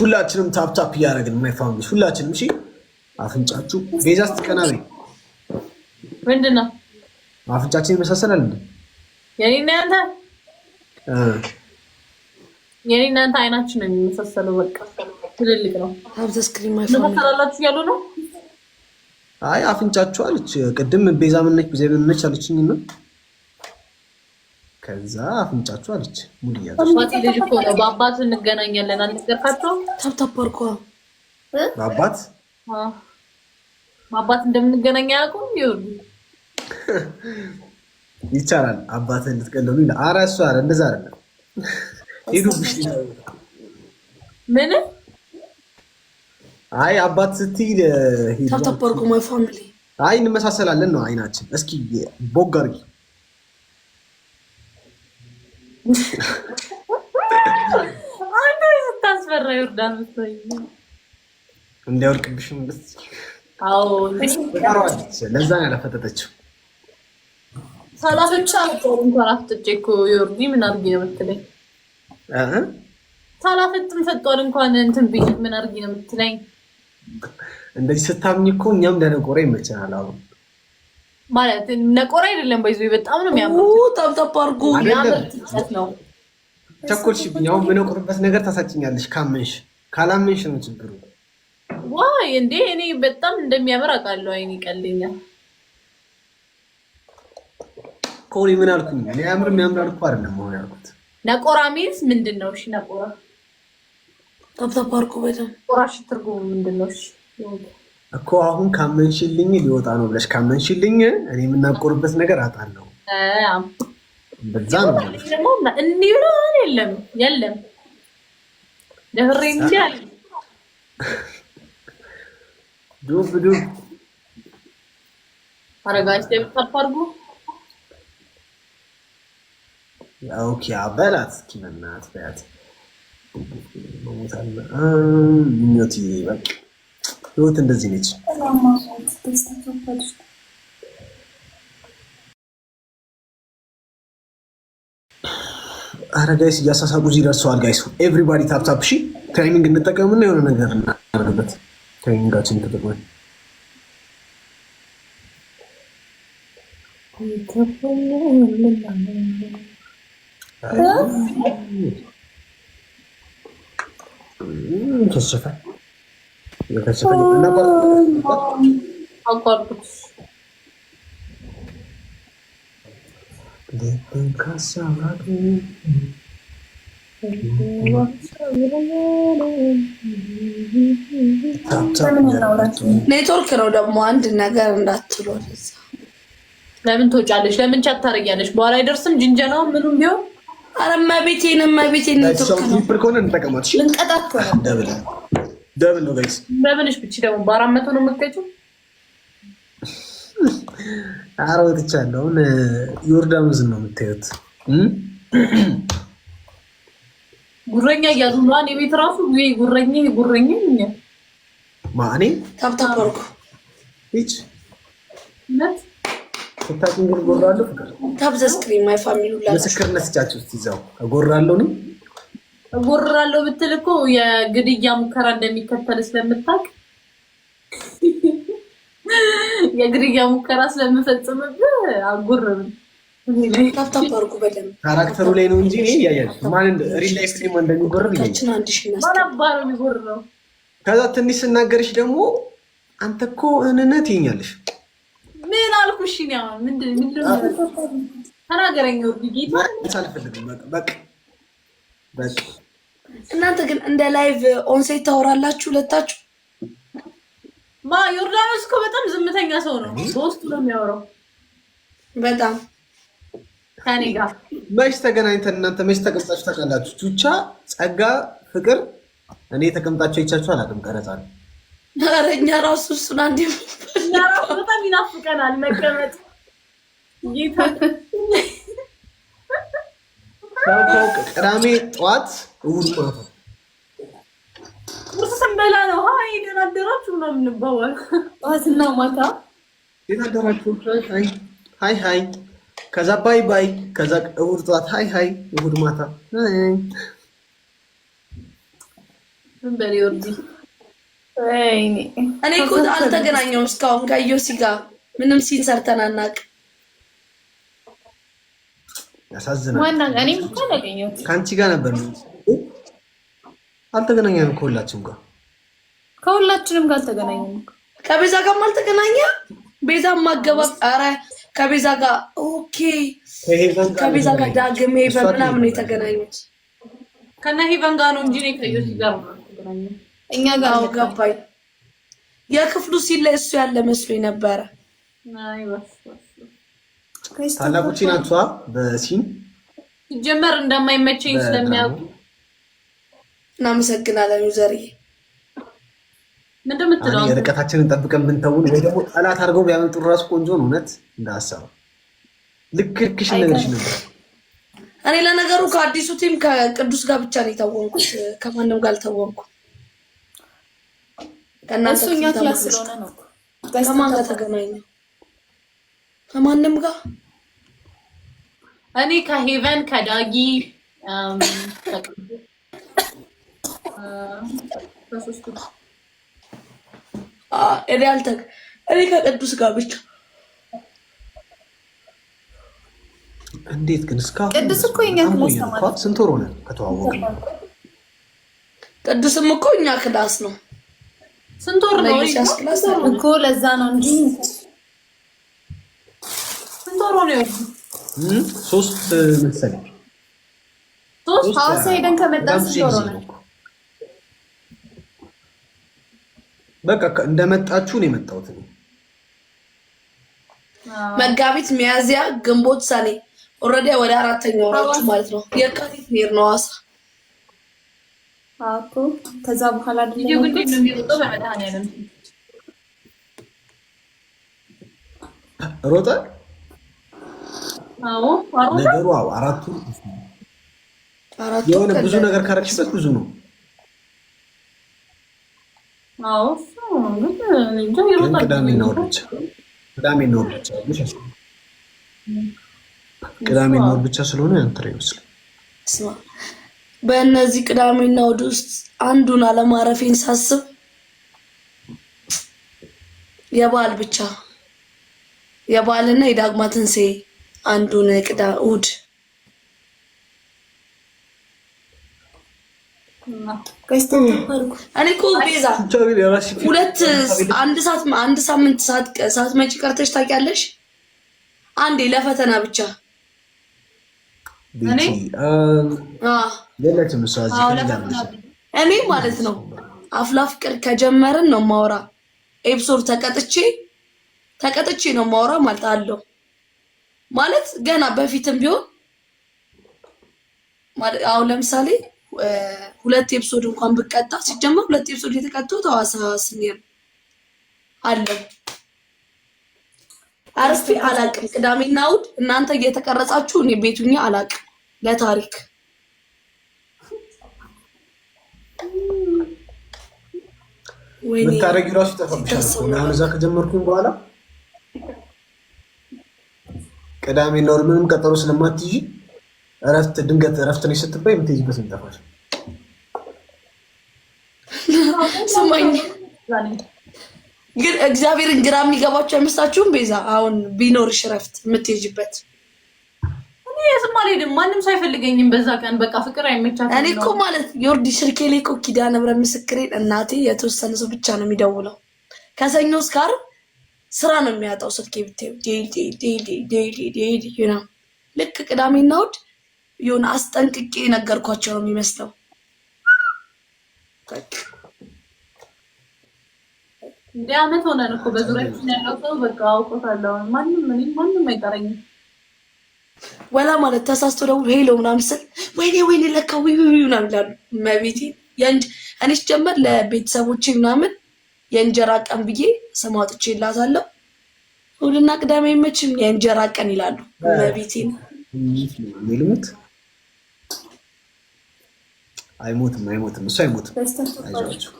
ሁላችንም ታፕታፕ እያደረግን ማይ ፋሚሊ ሁላችንም። እሺ አፍንጫችሁ ቤዛ ስትቀና በይ። ምንድን ነው አፍንጫችን ይመሳሰላል እንዴ? የኔ እናንተ የኔ እናንተ አይናችን ነው የሚመሳሰለው። በቃ ትልልቅ ነው። አብዘ ስክሪን ማይ ፋሚሊ ተላላችሁ ያሉ ነው። አይ አፍንጫችሁ አለች። ቅድም ቤዛ ምነች ዜ ምነች አለችኝ ነው ከዛ አፍንጫችሁ አለች ሙሉ በአባት እንገናኛለን አልነገርካቸውም? ታብታብ አድርጎ በአባት በአባት እንደምንገናኝ አያውቁም። ይቻላል። አባትህን ልትቀለሉ ይላል። ኧረ እሱ ኧረ እንደዛ አይደለም። ሄዱብሽ ምን? አይ አባት ስትይ ሄዱ። ታብታብ አድርጎ ማይ ፋሚሊ አይ እንመሳሰላለን ነው አይናችን። እስኪ ቦግ አድርጊ አንዱ ስታስፈራ ዮርዳኖስ እንዲያወርቅብሽም ለዛ ነው ያላፈጠጠችው። አፍጥጬ እኮ ዮርዲ ምን ነው የምትለኝ? ፈጧል እንኳን እንትን ብዬሽ ምን አርጊ ነው የምትለኝ? እንደዚህ ስታምኝ እኮ እኛም ደነቆረ ይመቸናል አሁን ማለት ነቆር አይደለም። ባይዞ በጣም ነው የሚያምር። ጠብጠብ አድርጎ ነው ቸኮልሽብኝ። አሁን የምነቁርበት ነገር ታሳጭኛለሽ። ካመንሽ ካላመንሽ ነው ችግሩ። ዋይ እንዴ! እኔ በጣም እንደሚያምር አውቃለሁ። አይኔ ቀልኛል ከሆነ ምን አልኩኝ? እኔ ያምር የሚያምር አልኩ አይደለም አሁን ያልኩት። ነቆራ ሚንስ ምንድን ነው? እሺ ነቆራ ጠብጠብ አድርጎ በጣም ቆራሽ ትርጉሙ ምንድን ነው? እሺ እኮ አሁን ካመንሽልኝ ሊወጣ ነው ብለሽ ካመንሽልኝ እኔ የምናቆርበት ነገር አጣለሁ። በዛ ነው እንዲህ ብሎ የለም የለም ደፍሬ እንጂ አለ ዱብ ዱብ አረጋሽ ደብጠፍ ኦኬ አበላት እስኪ በእናትህ በያት ምኞት በቃ ህይወት እንደዚህ ነች። አረ ጋይስ እያሳሳቁ እዚህ ደርሰዋል። ጋይስ ኤቭሪባዲ ታፕታፕ። ሺ ትራይሚንግ እንጠቀምና የሆነ ነገር እናደርግበት። ትራይሚንጋችን ተጠቅመን ተስፋ ኔትወርክ ነው ደግሞ አንድ ነገር እንዳትሎ ለምን ትወጫለሽ? ለምን ቻት ታደርጊያለሽ? በኋላ አይደርስም ጅንጀናው ምኑም ቢሆን። ኧረ እመቤቴን እመቤቴን ኔትወርክ ነው። ልንቀጣት ነው ደብል ነው ጋይስ። በምንሽ ብቻ ደግሞ በአራት መቶ ነው የምትገጭው። ኧረ ወጥቻለሁ። አሁን ዮርዳኖስን ነው የምታዩት። ጉረኛ እያሉ ነው። እኔ ቤት ራሱ ጉረኛ ጉረኛ ማኔ ታብታበርኩ ይች ስታጭ እንግዲህ ጎራለሁ። ታብዘ ስክሪን ማይ ፋሚሊ ሁላ ምስክርነት ስጫቸው ስትይዛው እጎራለሁ እኔ እጎርራለሁ ብትል እኮ የግድያ ሙከራ እንደሚከተል ስለምታውቅ የግድያ ሙከራ ስለምፈጽምብህ አጉርም ካራክተሩ ላይ ነው እንጂ እንደሚጎርብ ነው። ከዛ ትንሽ ስናገርሽ ደግሞ አንተ እኮ እንነት ይኛለሽ። ምን አልኩሽ? ምንድን ተናገረኝ። እናንተ ግን እንደ ላይቭ ኦንሴት ታወራላችሁ ሁለታችሁ? ማ ዮርዳኖስ እኮ በጣም ዝምተኛ ሰው ነው። በውስጡ ነው የሚያወራው። በጣም ከኔ ጋር መች ተገናኝተን እናንተ መች ተቀምጣችሁ ታውቃላችሁ? ቹቻ፣ ጸጋ፣ ፍቅር እኔ ተቀምጣችሁ ይቻችሁ አላውቅም። ቀረጻ ነው ኧረ እኛ ራሱ እሱን አንዴ እኛ ራሱ በጣም ይናፍቀናል መቀመጥ ጌታ ቅዳሜ ጠዋት እሑድ ማታ ቁርስ ስንበላ ነው። ደህና አደራችሁ ጠዋትና ማታ ደህና አደራችሁ፣ ሀይ ሀይ፣ ከዛ ባይ ባይ፣ ከዛ እሑድ ጠዋት ሀይ ሀይ፣ እሑድ ማታ እኔ እኮ እስካሁን ከዮሲ ጋር ምንም ሰርተን አናውቅም። ያሳዝናል። ከአንቺ ጋር ነበር አልተገናኘንም። ከሁላችንም ጋር ከሁላችንም ጋር አልተገናኘንም። ከቤዛ ጋር አልተገናኘ ቤዛ ማገባት ኧረ ከቤዛ ጋር ኦኬ፣ ከቤዛ ጋር ዳግም ሄቨን ምናምን የተገናኘች ከነ ሄቨን ጋር ነው እንጂ ጋር እኛ ጋር ገባኝ። የክፍሉ ሲለ እሱ ያለ መስሎኝ ነበረ። ታላቁ ቺን አንሷ በሲን ጀመር እንደማይመቸኝ ስለሚያውቁ እናመሰግናለን። ዩዘር ምንድን የምትለው ርቀታችንን ጠብቀን ብንተውን ወይ ደግሞ ጠላት አድርገው ቢያመጡ ራሱ ቆንጆ ነው። እውነት እንደ ሀሳብ ልክ ልክሽ ነገርሽ ነበር። እኔ ለነገሩ ከአዲሱ ቲም ከቅዱስ ጋር ብቻ ነው የታወንኩት፣ ከማንም ጋር አልታወንኩም። ከእናንተ ነው ከማን ጋር ተገናኘ ከማንም ጋር እኔ ከሄቨን ከዳጊ እኔ አልተግ እኔ ከቅዱስ ጋር ብቻ። እንዴት ግን እስካሁን ቅዱስ እኮ እኛ ክላስ ተማሪ ስንት ወር ሆነ ከተዋወቅን? ቅዱስም እኮ እኛ ክላስ ነው። ስንት ወር ነው እኮ ለዛ ነው እንጂ ዶሮ ነው ያልኩት። ሶስት መሰለኝ። ሶስት ሐዋሳ ሄደን ከመጣን ዶሮ ነው። በቃ እንደመጣችሁ ነው የመጣሁት። መጋቢት፣ ግንቦት፣ ሰኔ ኦልሬዲ ወደ አራተኛ ወራችሁ ማለት ነው። የካቲት ነው ሐዋሳ ከዛ በኋላ ሮጠ ነገሩ አራቱ የሆነ ብዙ ነገር ካረግሽበት ብዙ ነው። ቅዳሜና እሑድ እሑድ ብቻ ስለሆነ እንትን ይመስላል። በእነዚህ ቅዳሜና እሑድ ውስጥ አንዱን አለማረፌን ሳስብ የበዓል ብቻ የበዓልና የዳግማ ትንሣኤ አንዱን ቅዳ እሑድ እኔ እኮ ቤዛ ሁለት አንድ ሳምንት ሰዓት መጪ ቀርተሽ ታውቂያለሽ? አንዴ ለፈተና ብቻ እኔ ማለት ነው አፍላ ፍቅር ከጀመርን ነው ማውራ ኤፕሶድ ተቀጥቼ ተቀጥቼ ነው ማውራ ማለት አለው ማለት ገና በፊትም ቢሆን አሁን ለምሳሌ ሁለት ኤፕሶድ እንኳን ብቀጣ ሲጀመር ሁለት ኤፕሶድ የተቀጣሁት ሐዋሳ ስኔር አለው አርስቴ አላቅም። ቅዳሜና እሑድ እናንተ እየተቀረጻችሁ እኔ ቤቱኛ አላቅም ለታሪክ ወይኔ ምታረጊ ራሱ ተፈምሻለሁ እዛ ከጀመርኩኝ በኋላ ቅዳሜ እና እሑድ ምንም ቀጠሮ ስለማትይዥ እረፍት ድንገት እረፍት ነች ስትባይ የምትይዝበት እንጠፋሽ። ግን እግዚአብሔርን ግራ የሚገባቸው አይመስላችሁም? ቤዛ አሁን ቢኖርሽ እረፍት የምትይዥበት የትም አልሄድም። ማንም ሰው አይፈልገኝም በዛ ቀን። በቃ ፍቅር አይመቻትም። እኔ እኮ ማለት የወርዲ ስልኬ ላይ እኮ ኪዳነ ምህረት ምስክሬን እናቴ የተወሰነ ሰው ብቻ ነው የሚደውለው ከሰኞ እስከ ዓርብ ስራ ነው የሚያጣው ስልኬ ብታዩ ነው። ልክ ቅዳሜና እሑድ የሆነ አስጠንቅቄ የነገርኳቸው ነው የሚመስለው። እንደ አመት እኮ በዙሪያችን ያለው ሰው በቃ አውቆታለሁ። ማንም ማንም አይጠረኝም። ወላ ማለት ተሳስቶ ደግሞ ሄሎ ምናምን ስል ወይኔ ወይኔ ለካ ምናምን ይላሉ። መቤቴ እኔ ለቤተሰቦቼ ምናምን የእንጀራ ቀን ብዬ ስም አውጥቼላታለሁ። እሑድና ቅዳሜ መቼም የእንጀራ ቀን ይላሉ። መቤቴ የሚሉት አይሞትም፣ አይሞትም፣ እሱ አይሞትም። አይዟቸው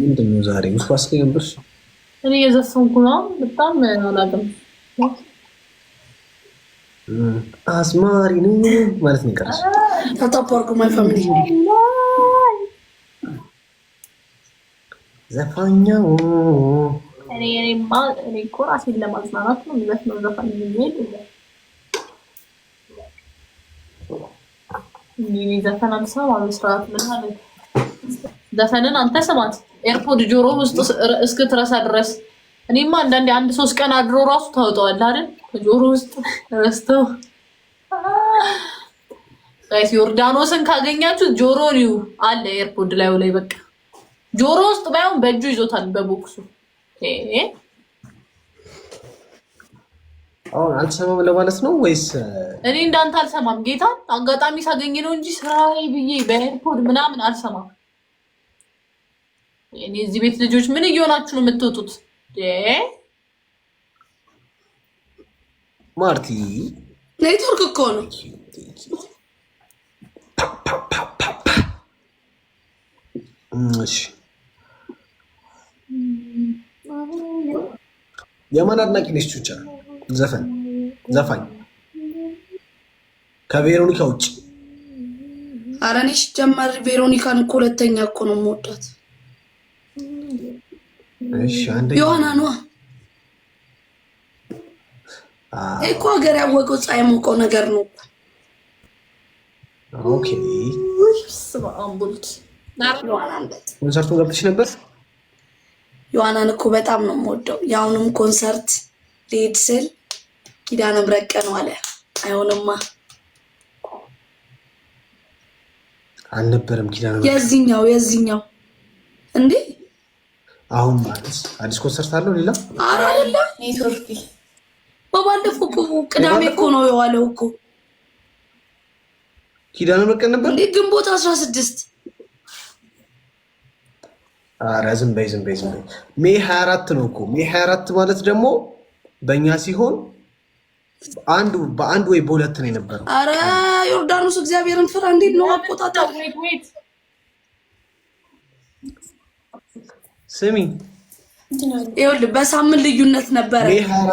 ምንድን ነው ዛሬ ውስጥ እኔ የዘፈንኩ ነው። በጣም አላውቅም። አዝማሪ ነው ማለት ነው። ይቀርስ ታጣፓርኩ ማይ ፋሚሊ ዘፋኛው እኔ ነው የሚመስለው ዘፈንን አንተ ስማት ኤርፖድ ጆሮ ውስጥ እስክትረሳ ድረስ። እኔማ አንዳንዴ አንድ ሶስት ቀን አድሮ ራሱ ታውጠዋል አይደል ከጆሮ ውስጥ ረስተው ጋይስ ዮርዳኖስን ካገኛችሁት ጆሮ ሪው አለ ኤርፖድ ላይ ላይ በቃ ጆሮ ውስጥ ባይሆን በእጁ ይዞታል በቦክሱ። አሁን አልሰማም ለማለት ነው ወይስ? እኔ እንዳንተ አልሰማም ጌታ አጋጣሚ ሳገኝ ነው እንጂ ላይ ብዬ በኤርፖድ ምናምን አልሰማም። እኔ እዚህ ቤት ልጆች ምን እየሆናችሁ ነው የምትወጡት? ማርቲ ኔትወርክ እኮ ነው። የማን አድናቂ ነች? ቹቻ ዘፈን ዘፋኝ ከቬሮኒካ ውጭ። ኧረ እኔ ሲጀመር ቬሮኒካን እኮ ሁለተኛ እኮ ነው የምወዳት። ዮሐና ነዋ እኮ ሀገር ያወቀው ፀሐይ ሞቀው ነገር ነው። ኦኬ ኮንሰርቱን ገብተሽ ነበር? ዮሐናን እኮ በጣም ነው የምወደው። የአሁንም ኮንሰርት ልሄድ ስል ኪዳነ ምሕረት ቀን ዋለ። አይሆንማ አልነበረም። ኪዳነ ምሕረት የዚህኛው የዚህኛው እንዴ አሁን ማለት አዲስ ኮንሰርት አለው ሌላ ኧረ አይደለም በባለፈው እኮ ቅዳሜ እኮ ነው የዋለው እኮ ኪዳነ በቀል ነበር እንዴ? ግንቦት አስራ ስድስት ኧረ ዝም በይ ዝም በይ ዝም በይ። ሜይ ሀያ ነው እኮ ሜይ ሀያ ማለት ደግሞ በእኛ ሲሆን አንድ በአንድ ወይ በሁለት ነው የነበረው። አረ ዮርዳኖስ እግዚአብሔርን ፍራ። እንዴት ነው አቆጣጠር? ስሚ ይኸውልህ በሳምንት ልዩነት ነበረ።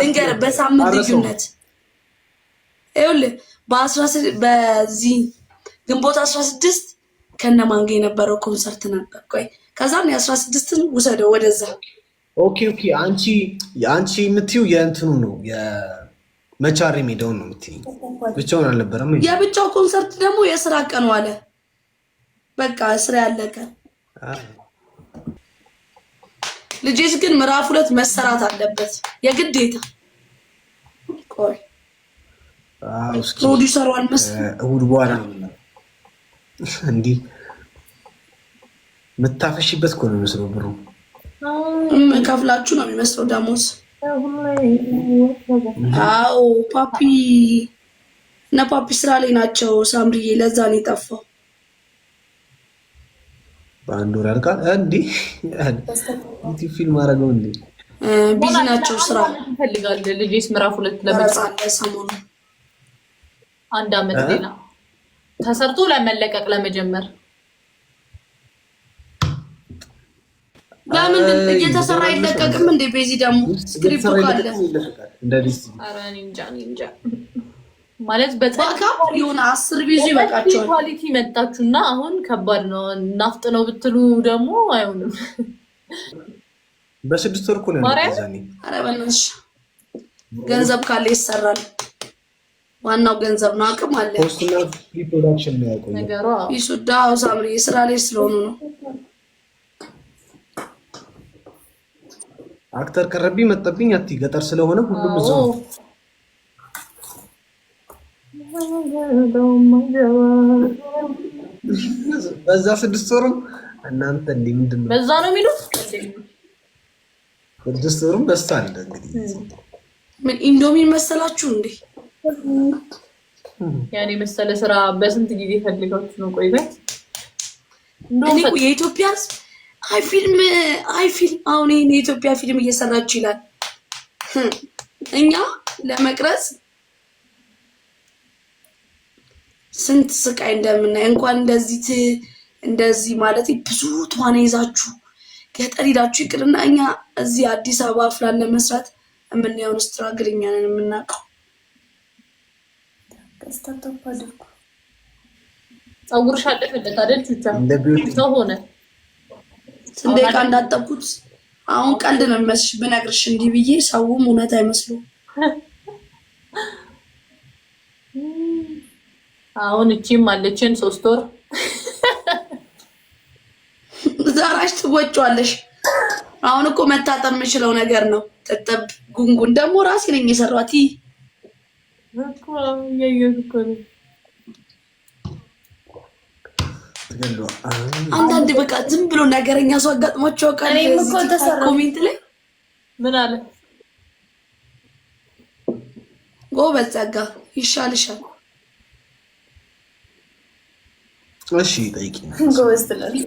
ልንገርህ በሳምንት ልዩነት ይኸውልህ በዚህ ግንቦት አስራ ስድስት ከነ ማንገ የነበረው ኮንሰርት ነበር። ቆይ ከዛም የአስራ ስድስትን ውሰደው ወደዛ። ኦኬ ኦኬ። አንቺ አንቺ የምትይው የእንትኑ ነው የመቻሪ ሜዳውን ነው የምትይው። ብቻውን አልነበረም። የብቻው ኮንሰርት ደግሞ የስራ ቀን ዋለ። በቃ ስራ ያለቀ ልጅሽ ግን ምዕራፍ ሁለት መሰራት አለበት የግዴታ። ቆይ ፕሮዲሰሩ እሑድ በኋላ እንዲህ እኮ ነው የሚመስለው። ብሩ ከፍላችሁ ነው የሚመስለው ደሞዝ። አዎ ፓፒ እነ ፓፒ ስራ ላይ ናቸው። ሳምርዬ ለዛ ነው የጠፋው። በአንድ ወር ያልቃል። እንዲህ ዩቲብ ፊልም አረገው እንዴ? ቢዚ ናቸው። ስራ ይፈልጋል። ልጅስ ምዕራፍ ሁለት ለመጫወት ሰሞኑ አንድ አመት ሌላ ተሰርቶ ለመለቀቅ ለመጀመር ለምን እየተሰራ አይለቀቅም እንዴ? ቤዚ ደግሞ ስክሪፕቱ ካለ እንደ ዲስ አረ እንጃ እኔ እንጃ ማለት በጣም የሆነ አስር ጊዜ ይበቃቸዋል። ኳሊቲ መጣችሁ እና አሁን ከባድ ነው። ናፍጥ ነው ብትሉ ደግሞ አይሆንም። በስድስት ወር እኮ ነው። ገንዘብ ካለ ይሰራል። ዋናው ገንዘብ ነው። አቅም አለ። ይሱዳ ሳምሪ ስራ ላይ ስለሆኑ ነው። አክተር ቀረቢ መጠብኝ አትይ ገጠር ስለሆነ ሁሉም እዛው በዛ ስድስት ወርም እናንተ እንዲህ ምንድን ነው በዛ ነው የሚሉት። ስድስት ወርም በስታ አለ እንግዲህ ምን ኢንዶሚን መሰላችሁ እንዴ? ያኔ መሰለ ስራ በስንት ጊዜ ፈልጋችሁ ነው? ቆይ በት የኢትዮጵያ አይ ፊልም አይ ፊልም አሁን ይሄን የኢትዮጵያ ፊልም እየሰራችሁ ይላል። እኛ ለመቅረጽ ስንት ስቃይ እንደምናይ እንኳን እንደዚህ እንደዚህ ማለት ብዙ ተዋና ይዛችሁ ገጠር ሄዳችሁ ይቅርና እኛ እዚህ አዲስ አበባ ፍላን ለመስራት የምናየውን ስትራግል እኛ ነን የምናውቀው። ፀጉርሽ አለፈለት አይደል? ቹቻ ሆነ ስንዴ እንዳጠብኩት አሁን ቀልድ ነው የሚመስልሽ ብነግርሽ እንዲህ ብዬ ሰውም እውነት አይመስሉም። አሁን እቺም አለችን ሶስት ወር ዛራሽ ትወጫለሽ። አሁን እኮ መታጠብ የምችለው ነገር ነው። ጥጥብ ጉንጉን ደግሞ ራሴ ነኝ የሰራት አንዳንድ በቃ ዝም ብሎ ነገረኛ ሰው አጋጥሟቸው ቃል ኮሜንት ላይ ምን አለ ጎበዝ ጸጋ ይሻልሻል እሺ ጠይቂ። ጎበዝ ትላለህ።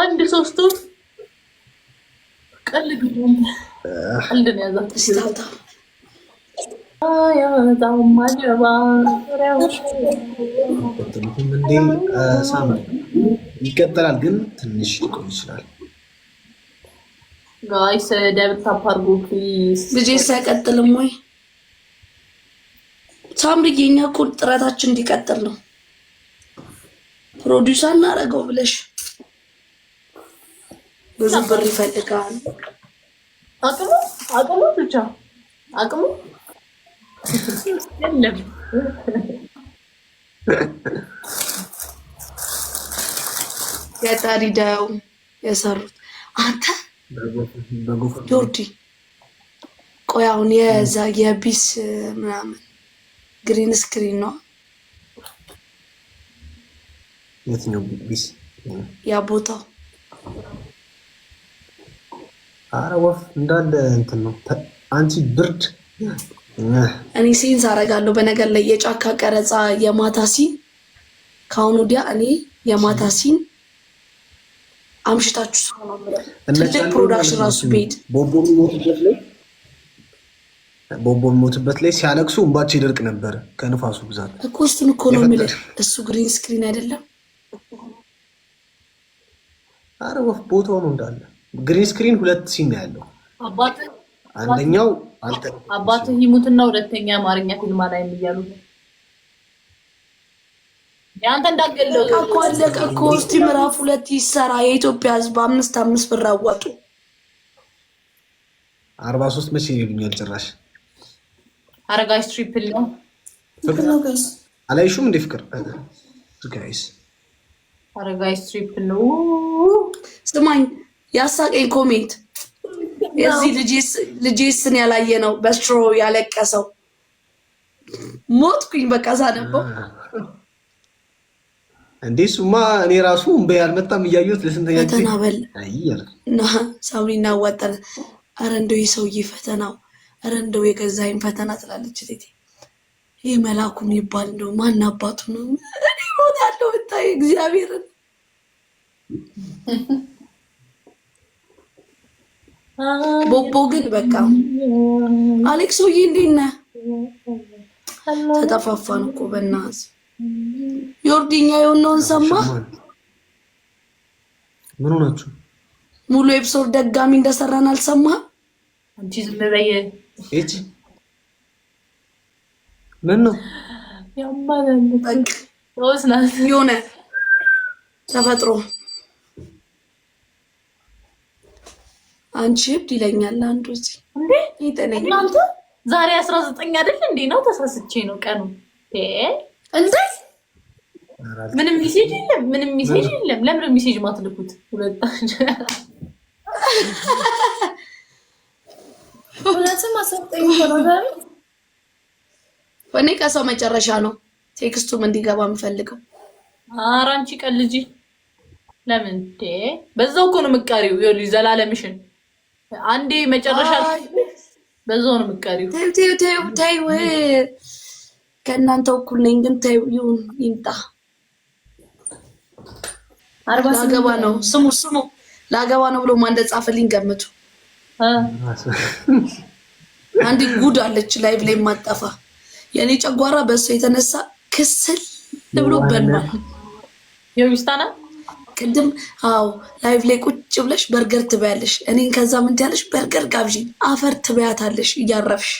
አንድ ሶስቱ ቀልድ ቀልድ ነው ይቀጥላል፣ ግን ትንሽ ሊቆም ይችላል። ጋይስ ደብል ታፕ ሳይቀጥልም ወይ ሳምሪ፣ የኛ እኮ ጥረታችን እንዲቀጥል ነው። ፕሮዲውስ አናረገው ብለሽ ብዙ ብር ይፈልጋል። አቅሙ አቅሙ ብቻ አቅሙ የለም። የጣሪ ዳው የሰሩት አንተ ጆርዲ ቆይ አሁን የዛ የቢስ ምናምን ግሪን ስክሪን ነው የትኛው ቢስ ያ ቦታው አረ ወፍ እንዳለ እንትን ነው። አንቺ ብርድ እኔ ሴንስ አደርጋለሁ። በነገር ላይ የጫካ ቀረጻ የማታ ሲን ከአሁን ወዲያ እኔ የማታ ሲን አምሽታችሁ ሰው ነው ትልቅ ፕሮዳክሽን ራሱ ቤት ቦቦ የሚሞትበት ላይ ሲያለቅሱ እንባቸው ይደርቅ ነበር ከንፋሱ ብዛት እኮ። እሱን እኮ ነው የምልህ። እሱ ግሪን ስክሪን አይደለም አረ ወፍ ቦታው ነው እንዳለ። ግሪን ስክሪን ሁለት ሲም ያለው አንደኛው አንተ አባትህ ይሙትና ሁለተኛ አማርኛ ፊልም ላይ የሚያሉ ያንተ እንዳገለው እኮ አለቀ እኮ። እስቲ ምዕራፍ ሁለት ይሰራ። የኢትዮጵያ ሕዝብ አምስት አምስት ብር አዋጡ። አርባ ሶስት መቼ ይሉኛል? ጭራሽ አረጋሽ ትሪፕል ነው። አላይሹም እንደ ፍቅር ጋይስ አረጋዊ ስትሪፕ ነው። ስማኝ ያሳቀኝ ኮሜንት የዚህ ልጄስን ያላየ ነው በስትሮ ያለቀሰው ሞትኩኝ። በቃ ሳነበው እንዴ ሱማ እኔ ራሱ እምባ ያልመጣም እያየሁት ለስንተኛ ጊዜ ፈተና በል ሳምሪ እናዋጣለን። አረ እንደው የሰውዬ ፈተናው አረ እንደው የገዛኝ ፈተና ትላለች። ይህ መላኩ የሚባል እንደው ማን አባቱ ነው? ሆን ያለው ብታይ እግዚአብሔርን ቦቦ ግን በቃ አሌክሶዬ እንዴት ነህ? ተጠፋፋን እኮ በእናትህ ዮርዲኛ የሆነውን ሰማ። ምን ሆናችሁ? ሙሉ ኤፕሶድ ደጋሚ እንደሰራን አልሰማህም? አንቺ ዝም በይ። ምን ነው የሆነ ተፈጥሮ አንቺ እብድ ይለኛል አንዱ እዚህ እናንተ ዛሬ አስራ ዘጠኝ አይደል እንዴ? ነው ተሳስቼ ነው ቀኑ እንዴ? ምንም ሚሴጅ የለም፣ ምንም ሚሴጅ የለም። ለምን ሚሴጅ ማትልኩት? ሁለታችሁ አሰጠኝ እኔ ከሰው መጨረሻ ነው ቴክስቱም እንዲገባ የምፈልገው። ኧረ አንቺ ቀልጂ። ለምን ዴ በዛው እኮ ነው የምትቀሪው። ይኸውልሽ ዘላለምሽን አንዴ መጨረሻ በዛው ነው የምትቀሪው። ተይው ተይው ተይው፣ ከእናንተ እኩል ነኝ ግን ተይው። ይሁን ይምጣ። አርባ ስገባ ነው ስሙ ስሙ ላገባ ነው ብሎ ማን እንደጻፈልኝ ገምቱ። አንድ ጉድ አለች ላይቭ ላይ ማጠፋ የእኔ ጨጓራ በእሱ የተነሳ ክስል ብሎ በልማል የሚስታና ቅድም አዎ ላይቭ ላይ ቁጭ ብለሽ በርገር ትበያለሽ፣ እኔን ከዛ ምን ትያለሽ? በርገር ጋብዥ አፈር ትበያታለሽ እያረፍሽ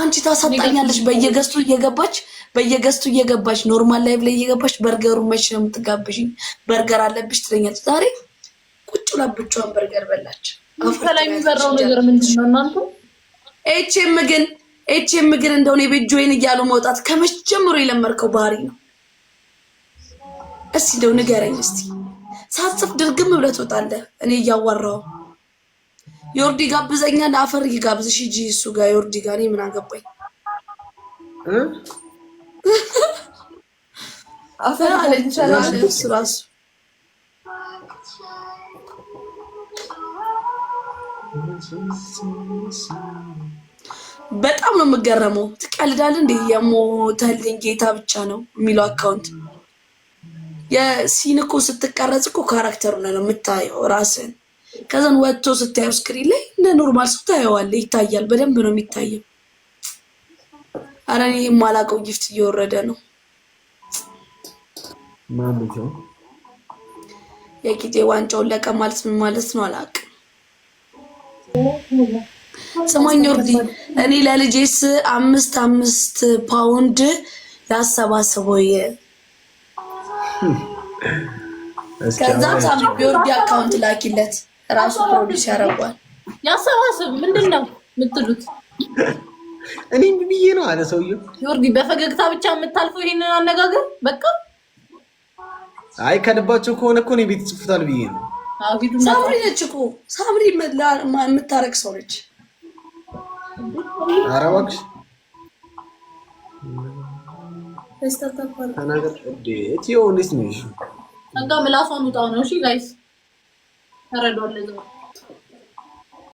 አንቺ ታሳጣኛለሽ። በየገስቱ እየገባች በየገስቱ እየገባች ኖርማል ላይቭ ላይ እየገባች በርገሩ መቼ ነው የምትጋብዥኝ? በርገር አለብሽ ትለኛለች። ዛሬ ቁጭ ብላ ብቻዋን በርገር በላች። ከላይ የሚበራው ነገር ምንድን ነው እናንተ ኤችኤም ግን ኤችኤም ግን እንደሆነ የቤት ጆይን እያሉ መውጣት ጀምሮ የለመርከው ባህሪ ነው። እስቲ እንደው ንገረኝ እስቲ ሳጽፍ ድርግም ብለህ ትወጣለህ። እኔ እያዋራው ዮርዲ ጋብዘኛ አፈር ይጋብዝሽ ሂጂ እሱ ጋር ዮርዲ ጋር እኔ ምን አገባኝ? አፈር አለች እሱ ራሱ በጣም ነው የምገረመው። ትቀልዳለህ እንዴ? የሞተልኝ ጌታ ብቻ ነው የሚለው አካውንት የሲን እኮ ስትቀረጽ እኮ ካራክተሩ ነው የምታየው ራስን። ከዛን ወጥቶ ስታየው እስክሪን ላይ እንደ ኖርማል ሰው ታየዋለህ። ይታያል፣ በደንብ ነው የሚታየው። አረ እኔ የማላውቀው ጊፍት እየወረደ ነው። የጊዜ ዋንጫውን ለቀ ማለት ምን ማለት ነው? አላውቅም። ስማኝ ወርዲ፣ እኔ ለልጄስ አምስት አምስት ፓውንድ ላሰባስቦዬ ከዛም ሳሚ ወርዲ አካውንት ላኪለት ራሱ ፕሮዲስ ያደርጓል። ያሰባስብ ምንድን ነው የምትሉት? እኔ ብዬ ነው አለ ሰውዬው። ወርዲ በፈገግታ ብቻ የምታልፈው ይሄንን አነጋገር በቃ አይ ከልባቸው ከሆነ እኮ ቤት ይጽፉታል ብዬ ነው። ሳምሪ ነች እኮ ሳምሪ የምታረቅ ሰው ነች። ኧረ እባክሽ ተናገር። እንዴት ይኸው እንዴት ነው? እሺ በቃ ምላሷን ውጣው ነው። እሺ ጋይስ ተረዷል።